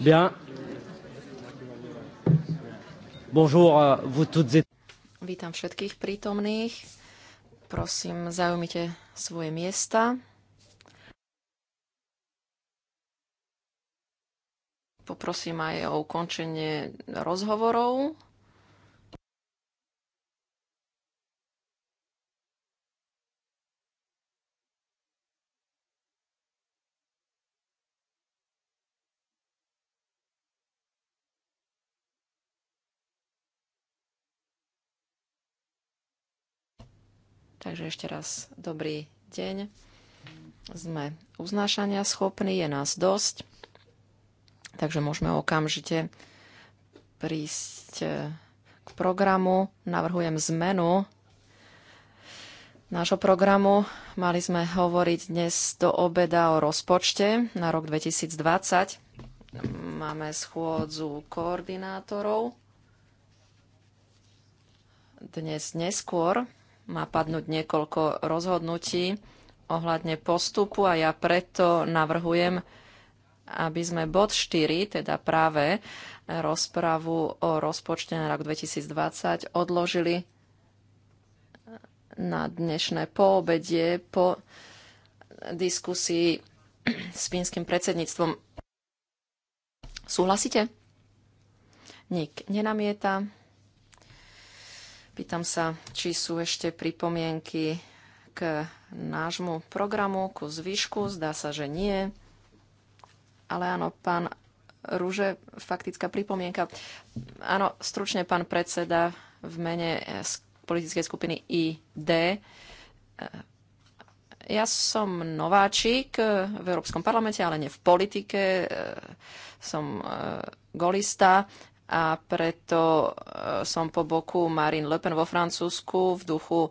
Bien. Bonjour à vous toutes et... Vítam všetkých prítomných. Prosím, zaujmite svoje miesta. Poprosím aj o ukončenie rozhovorov. Takže ešte raz dobrý deň. Sme uznášania schopní, je nás dosť, takže môžeme okamžite prísť eh, k programu. Navrhujem zmenu nášho programu. Mali sme hovoriť dnes do obeda o rozpočte na rok 2020. Máme schôdzu koordinátorov. Dnes neskôr má padnúť niekoľko rozhodnutí ohľadne postupu a ja preto navrhujem, aby sme bod 4, teda práve rozpravu o rozpočte na rok 2020 odložili na dnešné poobedie po diskusii s fínskym predsedníctvom. Súhlasíte? Nik nenamieta. Pýtam sa, či sú ešte pripomienky k nášmu programu, ku zvyšku. Zdá sa, že nie. Ale áno, pán Rúže, faktická pripomienka. Áno, stručne pán predseda v mene eh, politickej skupiny ID. Eh, ja som nováčik eh, v Európskom parlamente, ale nie v politike. Som golista a preto e, som po boku Marine Le Pen vo Francúzsku v duchu e,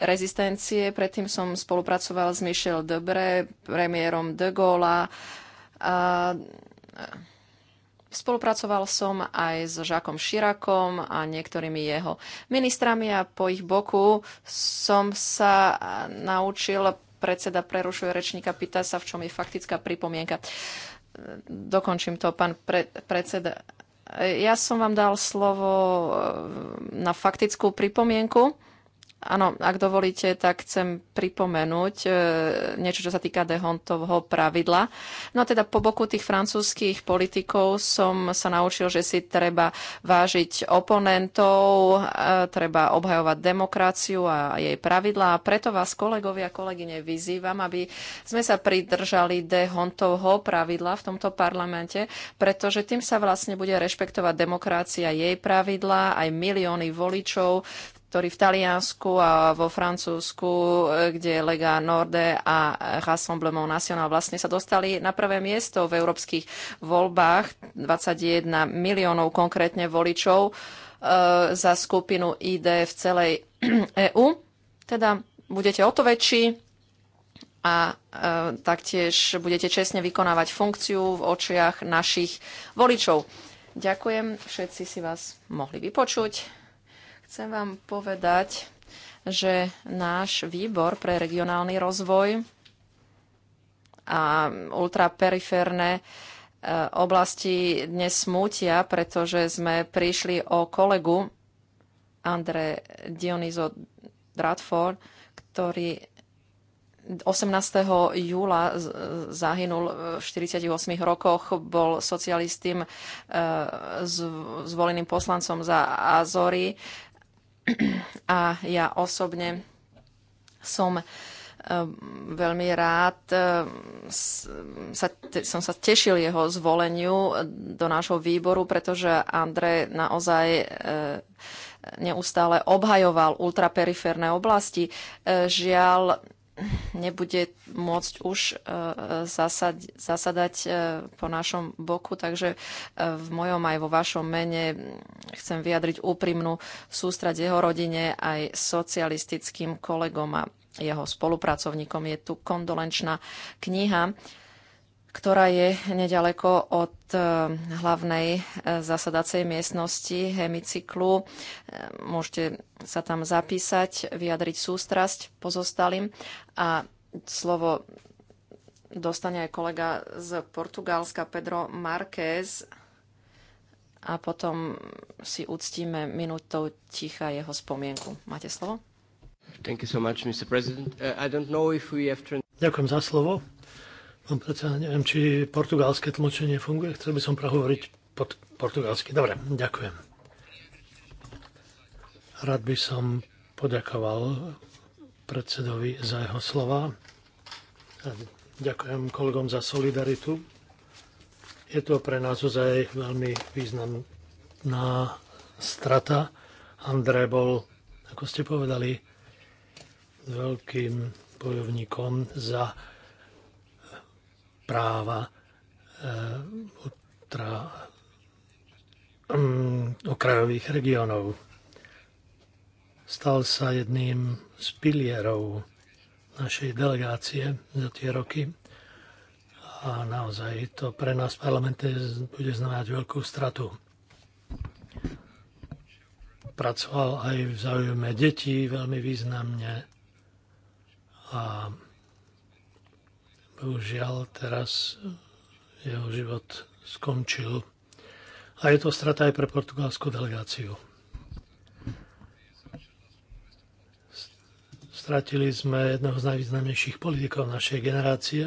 rezistencie. Predtým som spolupracoval s Michel Debré, premiérom de Gaulle. A e, spolupracoval som aj s Žakom Širakom a niektorými jeho ministrami a po ich boku som sa naučil predseda prerušuje rečníka, pýta sa, v čom je faktická pripomienka. Uh, dokončím to, pán pre, predseda. Ja som vám dal slovo eh, na faktickú pripomienku. Áno, ak dovolíte, tak chcem pripomenúť e, niečo, čo sa týka Dehontovho pravidla. No a teda po boku tých francúzských politikov som sa naučil, že si treba vážiť oponentov, e, treba obhajovať demokraciu a jej pravidlá. A preto vás, kolegovia a kolegyne, vyzývam, aby sme sa pridržali Dehontovho pravidla v tomto parlamente, pretože tým sa vlastne bude rešpektovať demokracia, jej pravidlá, aj milióny voličov ktorí v Taliansku a vo Francúzsku, e, kde Lega Norde a Rassemblement National vlastne sa dostali na prvé miesto v európskych voľbách, 21 miliónov konkrétne voličov e, za skupinu ID v celej EÚ. E teda budete o to väčší a e, taktiež budete čestne vykonávať funkciu v očiach našich voličov. Ďakujem, všetci si vás mohli vypočuť. Chcem vám povedať, že náš výbor pre regionálny rozvoj a ultraperiférne e, oblasti dnes smútia, pretože sme prišli o kolegu Andre Dionizo Dratford, ktorý 18. júla zahynul v 48 rokoch, bol socialistým e, zvoleným poslancom za Azory a ja osobne som ehm, veľmi rád ehm, sa, som sa tešil jeho zvoleniu do nášho výboru, pretože Andre naozaj e, neustále obhajoval ultraperiférne oblasti. E, žiaľ, nebude môcť už e, zasad, zasadať e, po našom boku, takže e, v mojom aj vo vašom mene chcem vyjadriť úprimnú sústrať jeho rodine aj socialistickým kolegom a jeho spolupracovníkom. Je tu kondolenčná kniha ktorá je nedaleko od eh, hlavnej eh, zasadacej miestnosti hemicyklu. Eh, môžete sa tam zapísať, vyjadriť sústrasť pozostalým a slovo dostane aj kolega z Portugalska Pedro Marquez a potom si uctíme minútou ticha jeho spomienku. Máte slovo? Uh, Ďakujem za slovo. Mám predsa, neviem, či portugalské tlmočenie funguje. Chcel by som prehovoriť pod portugalsky. Dobre, ďakujem. Rád by som poďakoval predsedovi za jeho slova. ďakujem kolegom za solidaritu. Je to pre nás ozaj veľmi významná strata. André bol, ako ste povedali, veľkým bojovníkom za práva, eh, mm, okrajových regiónov. Stal sa jedným z pilierov našej delegácie za tie roky a naozaj to pre nás v parlamente bude znamenať veľkú stratu. Pracoval aj v záujme detí veľmi významne a Bohužiaľ teraz jeho život skončil. A je to strata aj pre portugalskú delegáciu. Stratili sme jedného z najvýznamnejších politikov našej generácie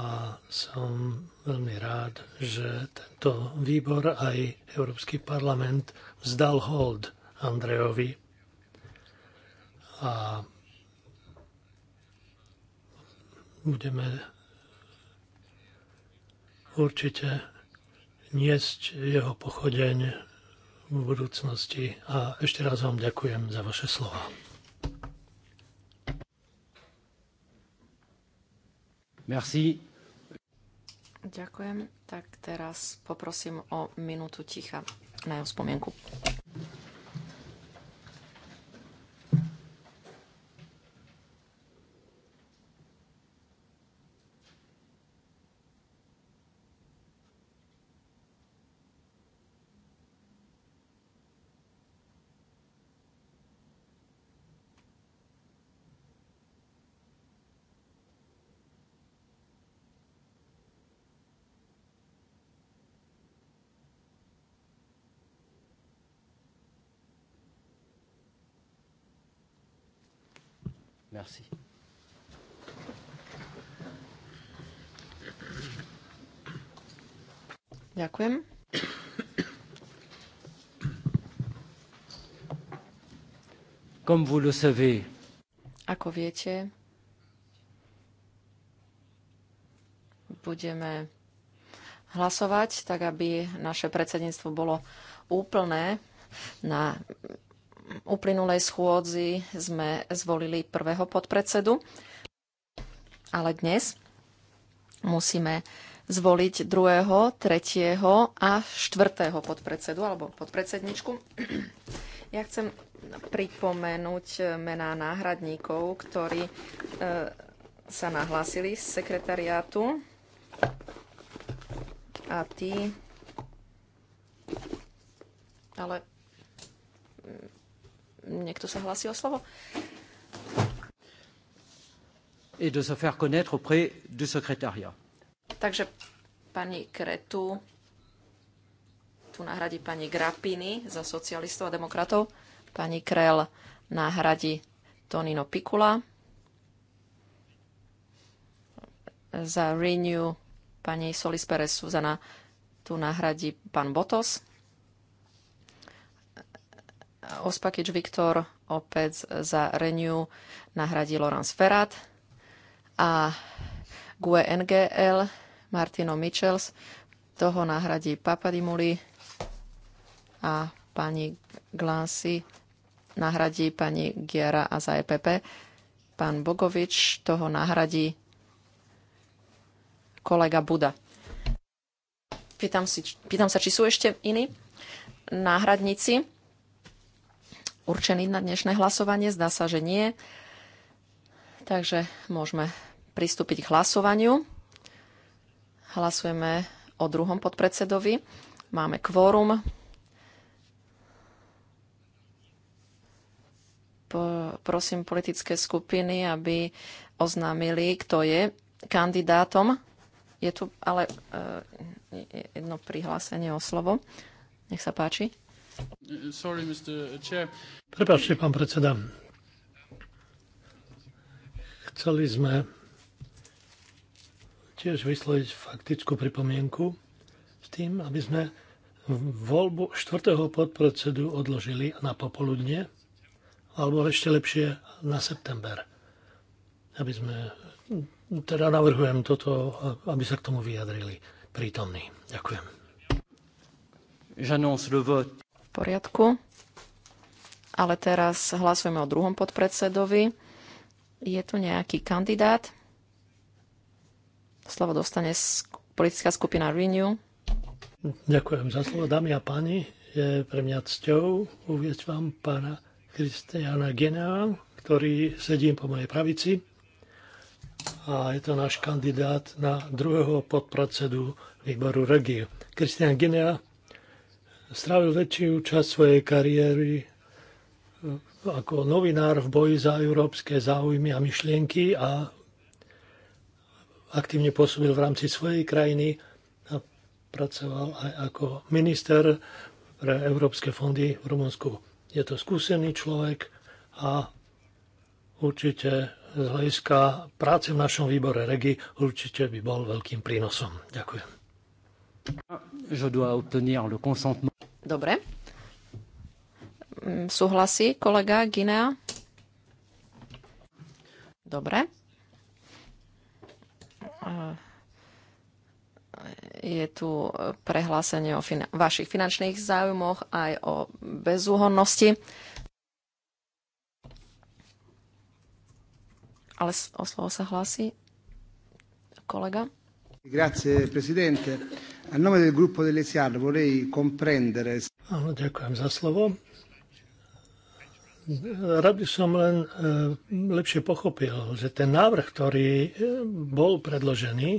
a som veľmi rád, že tento výbor aj Európsky parlament vzdal hold Andrejovi a budeme určite niesť jeho pochodeň v budúcnosti. A ešte raz vám ďakujem za vaše slova. Merci. Ďakujem. Tak teraz poprosím o minútu ticha na jeho spomienku. Merci. Ďakujem. Comme vous le savez, ako viete, budeme hlasovať, tak aby naše predsedníctvo bolo úplné na uplynulej schôdzi sme zvolili prvého podpredsedu, ale dnes musíme zvoliť druhého, tretieho a štvrtého podpredsedu alebo podpredsedničku. Ja chcem pripomenúť mená náhradníkov, ktorí e, sa nahlásili z sekretariátu. A tí... Ale Niekto sa hlasí o slovo? Et de se faire connaître auprès du secrétariat. Takže pani Kretu tu nahradí pani Grappini za socialistov a demokratov. Pani Krel nahradí Tonino Pikula. Za Renew pani Solis Perez Suzana tu nahradí pán Botos. Ospakič Viktor opäť za Renew nahradí Laurence Ferrat a GUE NGL Martino Michels toho nahradí Papadimuli a pani Glansi nahradí pani Giera a za EPP. Pán Bogovič toho nahradí kolega Buda. Pýtam, si, pýtam sa, či sú ešte iní náhradníci určený na dnešné hlasovanie? Zdá sa, že nie. Takže môžeme pristúpiť k hlasovaniu. Hlasujeme o druhom podpredsedovi. Máme kvórum. Prosím politické skupiny, aby oznámili, kto je kandidátom. Je tu ale e, jedno prihlásenie o slovo. Nech sa páči. Prepačte, pán predseda. Chceli sme tiež vysloviť faktickú pripomienku s tým, aby sme voľbu štvrtého podpredsedu odložili na popoludne, alebo ešte lepšie na september. Aby sme, teda navrhujem toto, aby sa k tomu vyjadrili prítomní. Ďakujem. J'annonce le vote poriadku. Ale teraz hlasujeme o druhom podpredsedovi. Je tu nejaký kandidát? Slovo dostane politická skupina Renew. Ďakujem za slovo, dámy a páni. Je pre mňa cťou uvieť vám pána Kristiana Gena, ktorý sedí po mojej pravici a je to náš kandidát na druhého podpredsedu výboru regie. Kristian Genea, strávil väčšiu časť svojej kariéry e, ako novinár v boji za európske záujmy a myšlienky a aktívne pôsobil v rámci svojej krajiny a pracoval aj ako minister pre európske fondy v Rumunsku. Je to skúsený človek a určite z hľadiska práce v našom výbore REGI určite by bol veľkým prínosom. Ďakujem. Je dois obtenir le consentement. Dobre. Mm, súhlasí kolega Ginea? Dobre. Je tu prehlásenie o fin- vašich finančných záujmoch aj o bezúhonnosti. Ale o slovo sa hlási kolega. Grazie, presidente. A nome del gruppo vorrei comprendere... Áno, ďakujem za slovo. Rád by som len e, lepšie pochopil, že ten návrh, ktorý e, bol predložený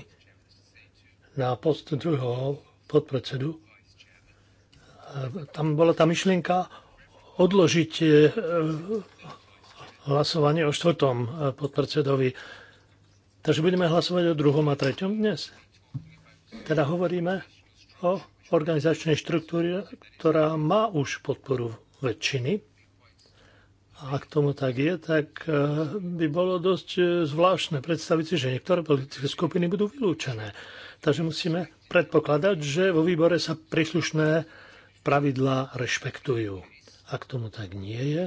na post druhého podpredsedu, e, tam bola tá myšlienka odložiť hlasovanie o štvrtom podpredsedovi. Takže budeme hlasovať o druhom a treťom dnes. Teda hovoríme o organizačnej štruktúre, ktorá má už podporu väčšiny. A ak tomu tak je, tak e, by bolo dosť e, zvláštne predstaviť si, že niektoré politické skupiny budú vylúčené. Takže musíme predpokladať, že vo výbore sa príslušné pravidlá rešpektujú. Ak tomu tak nie je,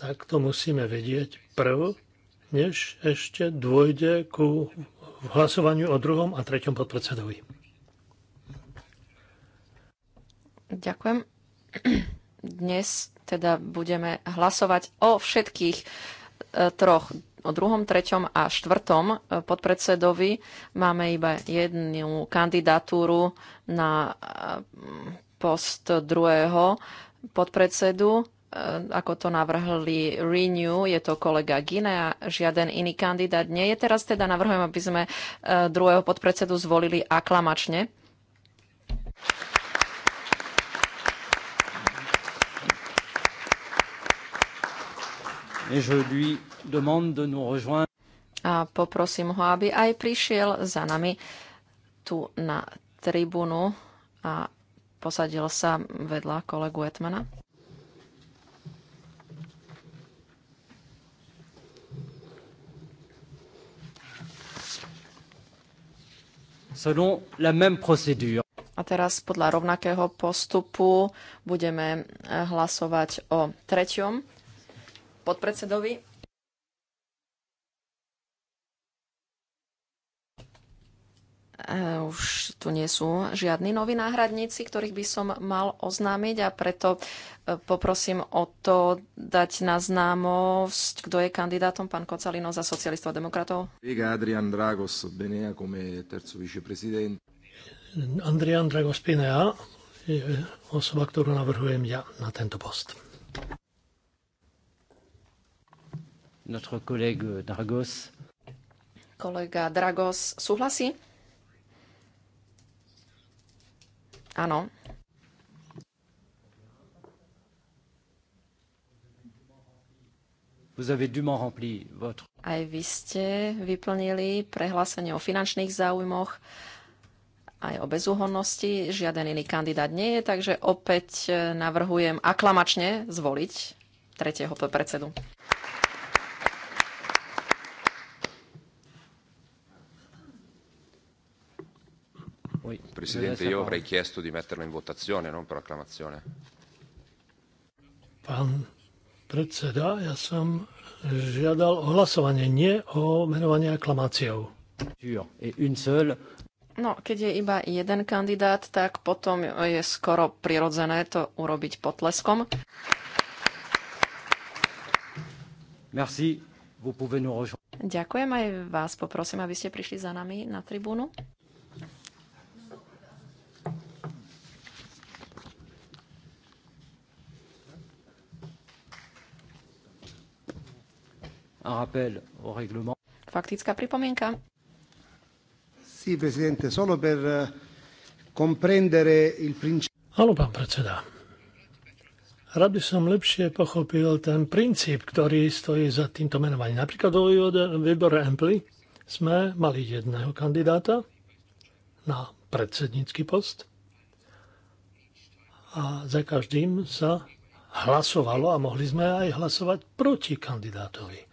tak to musíme vedieť prv, než ešte dôjde ku v hlasovaniu o druhom a treťom podpredsedovi. Ďakujem. Dnes teda budeme hlasovať o všetkých e, troch, o druhom, treťom a štvrtom e, podpredsedovi. Máme iba jednu kandidatúru na e, post druhého podpredsedu E, ako to navrhli Renew, je to kolega Gine a žiaden iný kandidát nie je. Teraz teda navrhujem, aby sme e, druhého podpredsedu zvolili aklamačne. A poprosím ho, aby aj prišiel za nami tu na tribunu a posadil sa vedľa kolegu Etmana. selon la même procédure. A teraz podľa rovnakého postupu budeme eh, hlasovať o treťom podpredsedovi Eh, už tu nie sú žiadni noví náhradníci, ktorých by som mal oznámiť a preto eh, poprosím o to dať na známosť, kto je kandidátom, pán Kocalino za socialistov a demokratov. Adrian Dragos Benea come terzo viceprezident. Andrian Dragos Benea je osoba, ktorú navrhujem ja na tento post. Notre collègue Dragos. Kolega Dragos súhlasí? Áno. Aj vy ste vyplnili prehlásenie o finančných záujmoch, aj o bezúhonnosti. Žiaden iný kandidát nie je, takže opäť eh, navrhujem aklamačne zvoliť tretieho predsedu. Oui. Presidente, io avrei chiesto di metterlo in votazione, non per acclamazione. Pan predseda, ja som žiadal o hlasovanie, nie o menovanie aklamáciou. No, keď je iba jeden kandidát, tak potom je skoro prirodzené to urobiť potleskom. Merci. Vous pouvez nous Ďakujem aj vás, poprosím, aby ste prišli za nami na tribúnu. un rappel au règlement. Faktická pripomienka. Sì, presidente, solo per eh, comprendere il principio. Áno, pán predseda. Rád by som lepšie pochopil ten princíp, ktorý stojí za týmto menovaním. Napríklad o výbore Emply sme mali jedného kandidáta na predsednícky post a za každým sa hlasovalo a mohli sme aj hlasovať proti kandidátovi.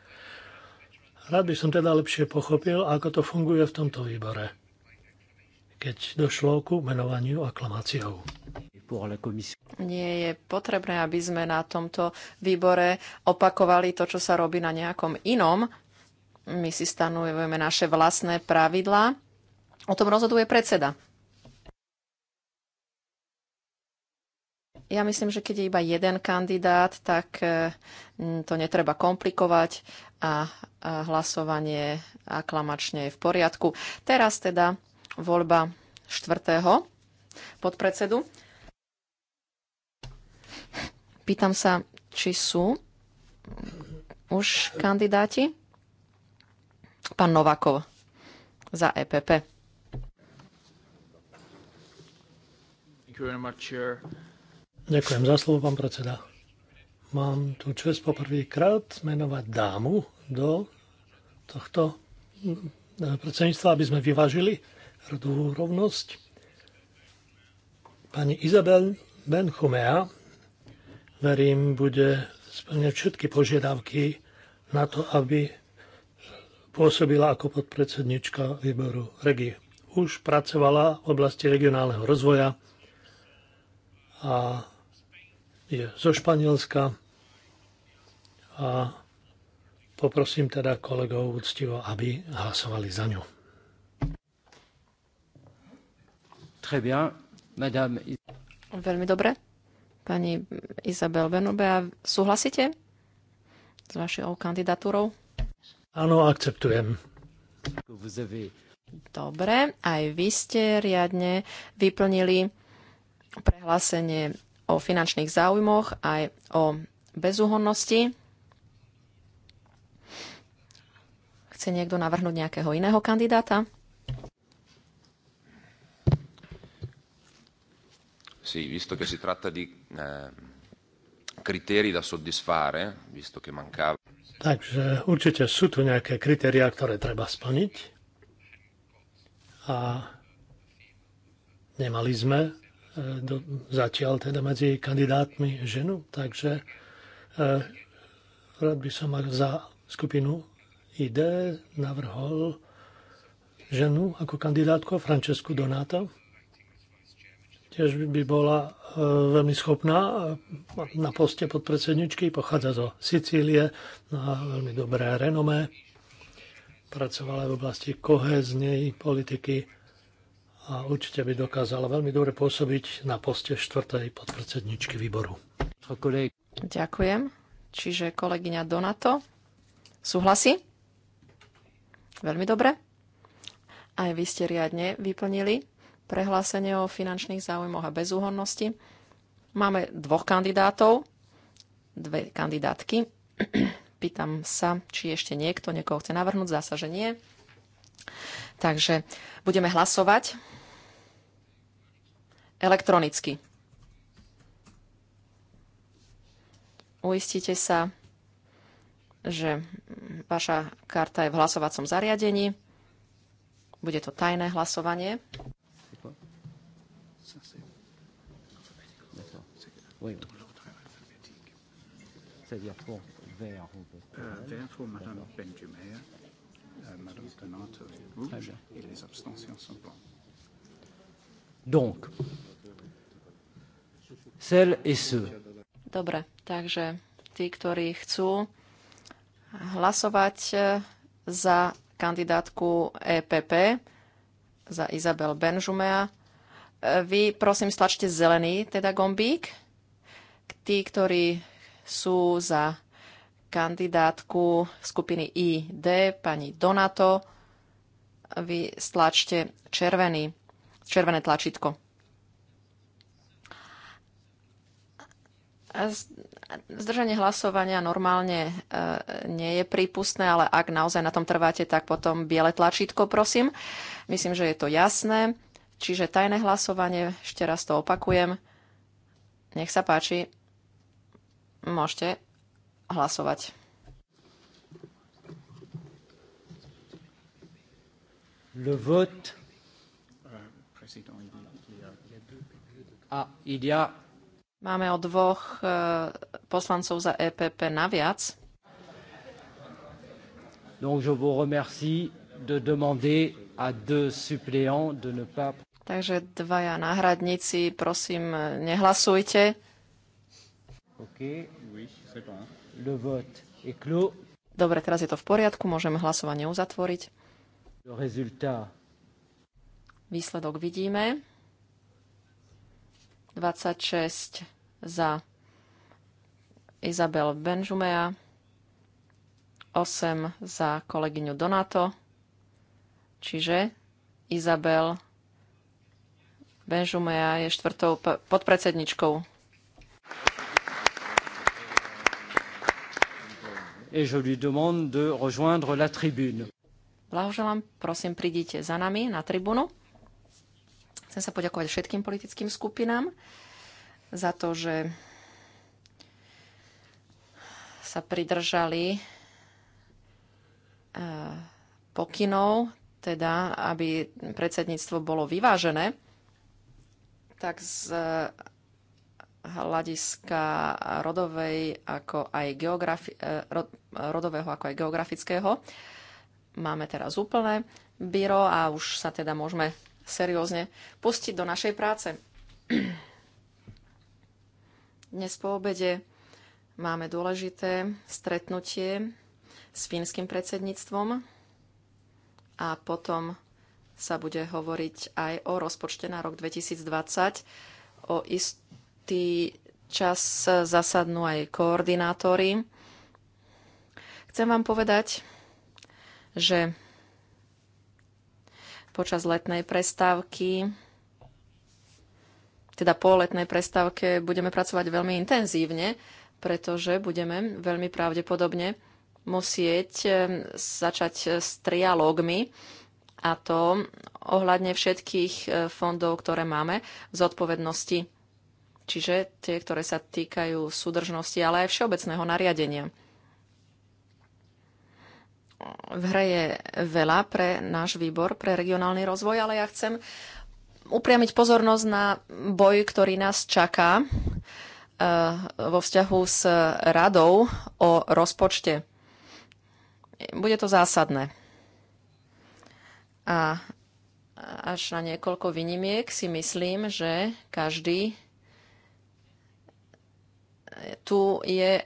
Rád by som teda lepšie pochopil, ako to funguje v tomto výbore, keď došlo ku menovaniu aklamáciou. Nie je potrebné, aby sme na tomto výbore opakovali to, čo sa robí na nejakom inom. My si stanovujeme naše vlastné pravidlá. O tom rozhoduje predseda. Ja myslím, že keď je iba jeden kandidát, tak eh, to netreba komplikovať a hlasovanie aklamačne je v poriadku. Teraz teda voľba štvrtého podpredsedu. Pýtam sa, či sú už kandidáti? Pán Novakov za EPP. Ďakujem za slovo, pán predseda mám tu čest poprvýkrát menovať dámu do tohto mm, predsedníctva, aby sme vyvážili rodovú rovnosť. Pani Izabel Benchumea, verím, bude splňať všetky požiadavky na to, aby pôsobila ako podpredsednička výboru Regi. Už pracovala v oblasti regionálneho rozvoja a je zo Španielska a poprosím teda kolegov úctivo, aby hlasovali za ňu. Très bien, madame. Veľmi dobre. Pani Izabel Benobea, súhlasíte s vašou kandidatúrou? Áno, akceptujem. Dobre, aj vy ste riadne vyplnili prehlásenie o finančných záujmoch aj o bezúhonnosti. Chce niekto navrhnúť nejakého iného kandidáta? Sì, visto che si tratta di eh, criteri da soddisfare, visto che mancava. Takže určite sú tu nejaké kritériá, ktoré treba splniť. A nemali sme eh, do, zatiaľ teda medzi kandidátmi ženu, takže e, rád by som za skupinu ID navrhol ženu ako kandidátku Francesku Donato. Tiež by bola e, veľmi schopná e, na poste podpredsedničky, pochádza zo Sicílie, má veľmi dobré renomé, pracovala v oblasti kohéznej politiky a určite by dokázala veľmi dobre pôsobiť na poste štvrtej podpredsedničky výboru. Ďakujem. Čiže kolegyňa Donato súhlasí? Veľmi dobre. Aj vy ste riadne vyplnili prehlásenie o finančných záujmoch a bezúhonnosti. Máme dvoch kandidátov, dve kandidátky. Pýtam sa, či ešte niekto niekoho chce navrhnúť. Zdá sa, že nie. Takže budeme hlasovať elektronicky. Uistite sa, že vaša karta je v hlasovacom zariadení. Bude to tajné hlasovanie. Donc, celles et ceux. Dobre, takže tí, ktorí chcú, hlasovať e, za kandidátku EPP, za Izabel Benžumea. E, vy, prosím, stlačte zelený, teda gombík. Tí, ktorí sú za kandidátku skupiny ID, pani Donato, vy stlačte červený, červené tlačítko. Zdržanie hlasovania normálne e, nie je prípustné, ale ak naozaj na tom trváte, tak potom biele tlačítko, prosím. Myslím, že je to jasné. Čiže tajné hlasovanie, ešte raz to opakujem. Nech sa páči, môžete hlasovať. Le vote. Ah, il y a Máme o dvoch e, poslancov za EPP naviac. Donc je vous remercie de demander à deux suppléants de ne pas... Takže dvaja náhradníci, prosím, nehlasujte. OK. Le vote est clos. Dobre, teraz je to v poriadku, môžeme hlasovanie uzatvoriť. Výsledok vidíme. 26 za Izabel Benžumea, 8 za kolegyňu Donato, čiže Izabel Benžumea je štvrtou podpredsedničkou. Et je lui demande de rejoindre la tribune. Blahoželám, prosím, prídite za nami na tribunu. Chcem sa poďakovať všetkým politickým skupinám za to, že sa pridržali e, pokynov, teda aby predsedníctvo bolo vyvážené, tak z e, hľadiska rodovej ako aj geografi- e, rodového ako aj geografického. Máme teraz úplné byro a už sa teda môžeme seriózne pustiť do našej práce. Dnes po obede máme dôležité stretnutie s fínskym predsedníctvom a potom sa bude hovoriť aj o rozpočte na rok 2020. O istý čas zasadnú aj koordinátory. Chcem vám povedať, že počas letnej prestávky, teda po letnej prestávke, budeme pracovať veľmi intenzívne, pretože budeme veľmi pravdepodobne musieť eh, začať s trialógmi a to ohľadne všetkých eh, fondov, ktoré máme z odpovednosti, čiže tie, ktoré sa týkajú súdržnosti, ale aj všeobecného nariadenia v hre je veľa pre náš výbor, pre regionálny rozvoj, ale ja chcem upriamiť pozornosť na boj, ktorý nás čaká eh, vo vzťahu s radou o rozpočte. Bude to zásadné. A až na niekoľko výnimiek si myslím, že každý tu je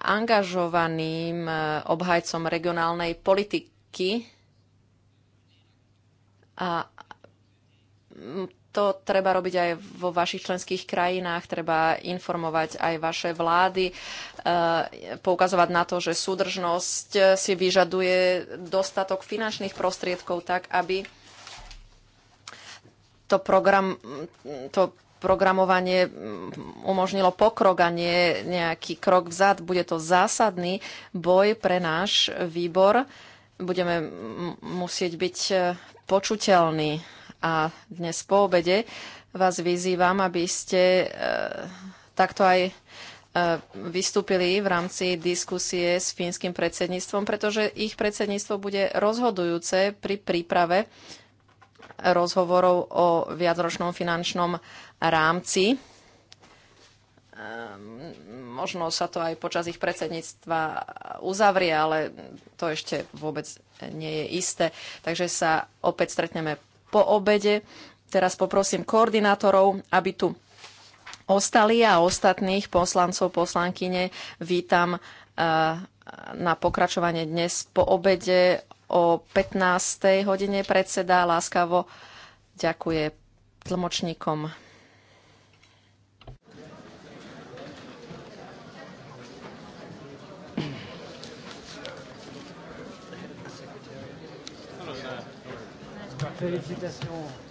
angažovaným e, obhajcom regionálnej politiky a to treba robiť aj vo vašich členských krajinách, treba informovať aj vaše vlády, e, poukazovať na to, že súdržnosť e, si vyžaduje dostatok finančných prostriedkov tak, aby to program, to programovanie umožnilo pokrok a nie nejaký krok vzad. Bude to zásadný boj pre náš výbor. Budeme musieť byť e, počuteľní a dnes po obede vás vyzývam, aby ste e, takto aj e, vystúpili v rámci diskusie s fínskym predsedníctvom, pretože ich predsedníctvo bude rozhodujúce pri príprave rozhovorov o viacročnom finančnom rámci. Ehm, možno sa to aj počas ich predsedníctva uzavrie, ale to ešte vôbec nie je isté. Takže sa opäť stretneme po obede. Teraz poprosím koordinátorov, aby tu ostali a ostatných poslancov, poslankyne vítam eh, na pokračovanie dnes po obede o 15. hodine predseda láskavo ďakuje tlmočníkom. Félicitations.